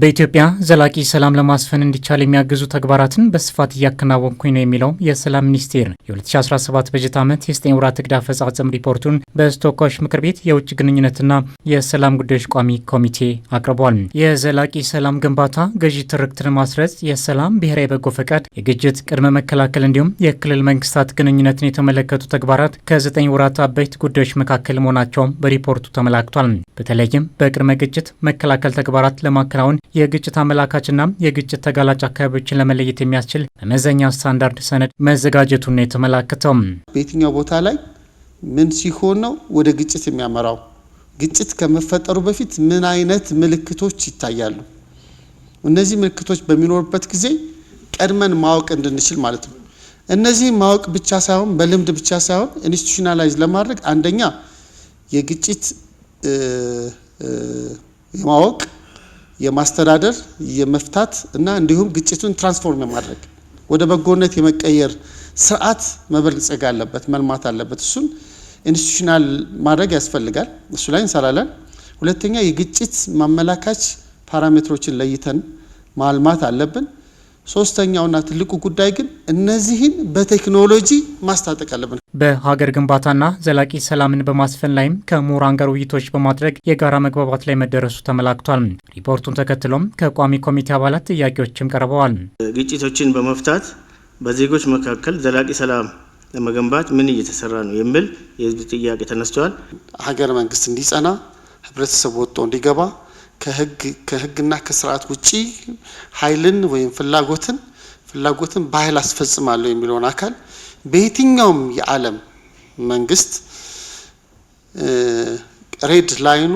በኢትዮጵያ ዘላቂ ሰላም ለማስፈን እንዲቻል የሚያግዙ ተግባራትን በስፋት እያከናወንኩኝ ነው የሚለው የሰላም ሚኒስቴር የ2017 በጀት ዓመት የዘጠኝ ወራት እቅድ አፈጻጸም ሪፖርቱን በተወካዮች ምክር ቤት የውጭ ግንኙነትና የሰላም ጉዳዮች ቋሚ ኮሚቴ አቅርቧል። የዘላቂ ሰላም ግንባታ ገዢ ትርክትን ማስረጽ፣ የሰላም ብሔራዊ በጎ ፈቃድ፣ የግጭት ቅድመ መከላከል እንዲሁም የክልል መንግስታት ግንኙነትን የተመለከቱ ተግባራት ከዘጠኝ ወራት አበይት ጉዳዮች መካከል መሆናቸውም በሪፖርቱ ተመላክቷል። በተለይም በቅድመ ግጭት መከላከል ተግባራት ለማከናወን የግጭት አመላካችና የግጭት ተጋላጭ አካባቢዎችን ለመለየት የሚያስችል መመዘኛ ስታንዳርድ ሰነድ መዘጋጀቱን ነው የተመላከተው። በየትኛው ቦታ ላይ ምን ሲሆን ነው ወደ ግጭት የሚያመራው? ግጭት ከመፈጠሩ በፊት ምን አይነት ምልክቶች ይታያሉ? እነዚህ ምልክቶች በሚኖሩበት ጊዜ ቀድመን ማወቅ እንድንችል ማለት ነው። እነዚህ ማወቅ ብቻ ሳይሆን በልምድ ብቻ ሳይሆን ኢንስቲቱሽናላይዝ ለማድረግ አንደኛ የግጭት የማወቅ የማስተዳደር የመፍታት እና እንዲሁም ግጭቱን ትራንስፎርም የማድረግ ወደ በጎነት የመቀየር ስርዓት መበልጸግ አለበት፣ መልማት አለበት። እሱን ኢንስቲቱሽናል ማድረግ ያስፈልጋል። እሱ ላይ እንሰራለን። ሁለተኛ የግጭት ማመላካች ፓራሜትሮችን ለይተን ማልማት አለብን። ሶስተኛውና ትልቁ ጉዳይ ግን እነዚህን በቴክኖሎጂ ማስታጠቅ አለብን። በሀገር ግንባታና ዘላቂ ሰላምን በማስፈን ላይም ከምሁራን ጋር ውይይቶች በማድረግ የጋራ መግባባት ላይ መደረሱ ተመላክቷል። ሪፖርቱን ተከትሎም ከቋሚ ኮሚቴ አባላት ጥያቄዎችም ቀርበዋል። ግጭቶችን በመፍታት በዜጎች መካከል ዘላቂ ሰላም ለመገንባት ምን እየተሰራ ነው የሚል የህዝብ ጥያቄ ተነስተዋል። ሀገር መንግስት እንዲጸና ህብረተሰብ ወጥቶ እንዲገባ ከህግና ከስርዓት ውጪ ኃይልን ወይም ፍላጎትን ፍላጎትን በኃይል አስፈጽማለሁ የሚለውን አካል በየትኛውም የዓለም መንግስት ሬድ ላይኑ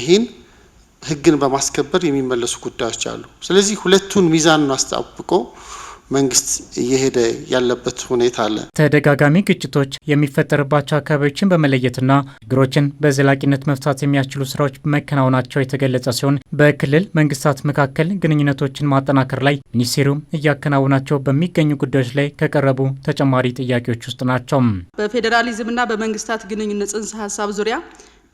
ይህን ህግን በማስከበር የሚመለሱ ጉዳዮች አሉ። ስለዚህ ሁለቱን ሚዛን አስጠብቆ መንግስት እየሄደ ያለበት ሁኔታ አለ። ተደጋጋሚ ግጭቶች የሚፈጠርባቸው አካባቢዎችን በመለየትና ችግሮችን በዘላቂነት መፍታት የሚያስችሉ ስራዎች መከናወናቸው የተገለጸ ሲሆን በክልል መንግስታት መካከል ግንኙነቶችን ማጠናከር ላይ ሚኒስቴሩም እያከናወናቸው በሚገኙ ጉዳዮች ላይ ከቀረቡ ተጨማሪ ጥያቄዎች ውስጥ ናቸው። በፌዴራሊዝምና በመንግስታት ግንኙነት ጽንሰ ሀሳብ ዙሪያ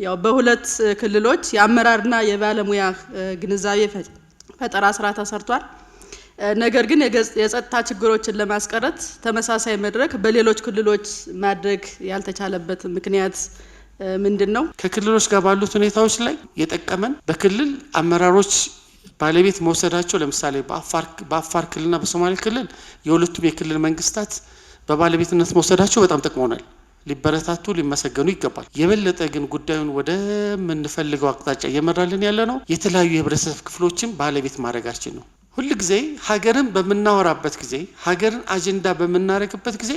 ያው በሁለት ክልሎች የአመራርና የባለሙያ ግንዛቤ ፈጠራ ስራ ተሰርቷል። ነገር ግን የጸጥታ ችግሮችን ለማስቀረት ተመሳሳይ መድረክ በሌሎች ክልሎች ማድረግ ያልተቻለበት ምክንያት ምንድን ነው? ከክልሎች ጋር ባሉት ሁኔታዎች ላይ የጠቀመን በክልል አመራሮች ባለቤት መውሰዳቸው ለምሳሌ በአፋር ክልልና በሶማሌ ክልል የሁለቱም የክልል መንግስታት በባለቤትነት መውሰዳቸው በጣም ጠቅሞናል። ሊበረታቱ ሊመሰገኑ ይገባል። የበለጠ ግን ጉዳዩን ወደምንፈልገው አቅጣጫ እየመራልን ያለ ነው። የተለያዩ የህብረተሰብ ክፍሎችን ባለቤት ማድረጋችን ነው። ጊዜ ሀገርን በምናወራበት ጊዜ ሀገርን አጀንዳ በምናደርግበት ጊዜ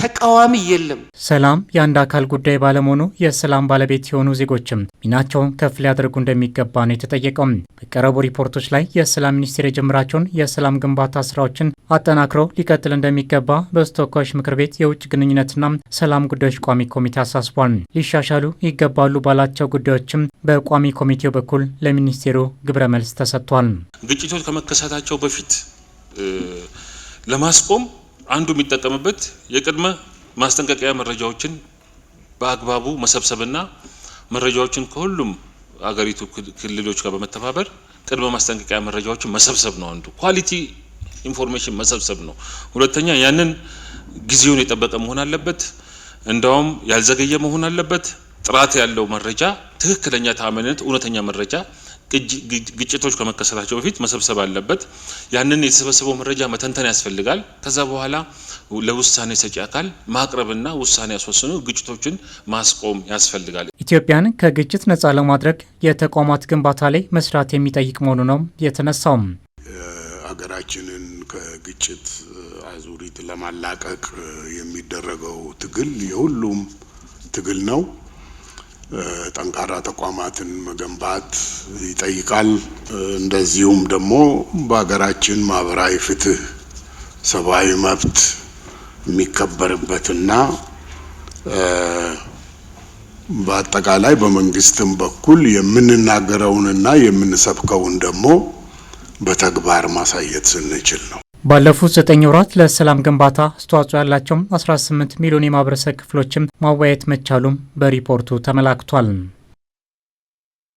ተቃዋሚ የለም። ሰላም የአንድ አካል ጉዳይ ባለመሆኑ የሰላም ባለቤት የሆኑ ዜጎችም ሚናቸውን ከፍ ሊያደርጉ እንደሚገባ ነው የተጠየቀው። በቀረቡ ሪፖርቶች ላይ የሰላም ሚኒስቴር የጀመራቸውን የሰላም ግንባታ ስራዎችን አጠናክሮ ሊቀጥል እንደሚገባ በተወካዮች ምክር ቤት የውጭ ግንኙነትና ሰላም ጉዳዮች ቋሚ ኮሚቴ አሳስቧል። ሊሻሻሉ ይገባሉ ባላቸው ጉዳዮችም በቋሚ ኮሚቴው በኩል ለሚኒስቴሩ ግብረ መልስ ተሰጥቷል። ግጭቶች ከመከሰታቸው በፊት ለማስቆም አንዱ የሚጠቀምበት የቅድመ ማስጠንቀቂያ መረጃዎችን በአግባቡ መሰብሰብና መረጃዎችን ከሁሉም አገሪቱ ክልሎች ጋር በመተባበር ቅድመ ማስጠንቀቂያ መረጃዎችን መሰብሰብ ነው። አንዱ ኳሊቲ ኢንፎርሜሽን መሰብሰብ ነው። ሁለተኛ ያንን ጊዜውን የጠበቀ መሆን አለበት። እንዳውም ያልዘገየ መሆን አለበት። ጥራት ያለው መረጃ፣ ትክክለኛ ታማኝነት፣ እውነተኛ መረጃ ግጭቶች ከመከሰታቸው በፊት መሰብሰብ አለበት። ያንን የተሰበሰበው መረጃ መተንተን ያስፈልጋል። ከዛ በኋላ ለውሳኔ ሰጪ አካል ማቅረብና ውሳኔ ያስወስኑ ግጭቶችን ማስቆም ያስፈልጋል። ኢትዮጵያን ከግጭት ነፃ ለማድረግ የተቋማት ግንባታ ላይ መስራት የሚጠይቅ መሆኑ ነው የተነሳውም። ሀገራችንን ከግጭት አዙሪት ለማላቀቅ የሚደረገው ትግል የሁሉም ትግል ነው። ጠንካራ ተቋማትን መገንባት ይጠይቃል። እንደዚሁም ደግሞ በሀገራችን ማህበራዊ ፍትህ፣ ሰብአዊ መብት የሚከበርበትና በአጠቃላይ በመንግስትም በኩል የምንናገረውንና የምንሰብከውን ደግሞ በተግባር ማሳየት ስንችል ነው። ባለፉት ዘጠኝ ወራት ለሰላም ግንባታ አስተዋጽኦ ያላቸውም 18 ሚሊዮን የማህበረሰብ ክፍሎችም ማወያየት መቻሉም በሪፖርቱ ተመላክቷል።